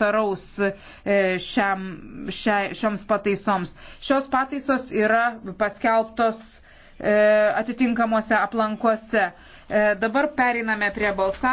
prieštaraus e, šiam, šia, šioms pataisoms. Šios pataisos yra paskelbtos e, atitinkamuose aplankuose. E, dabar periname prie balsavimo.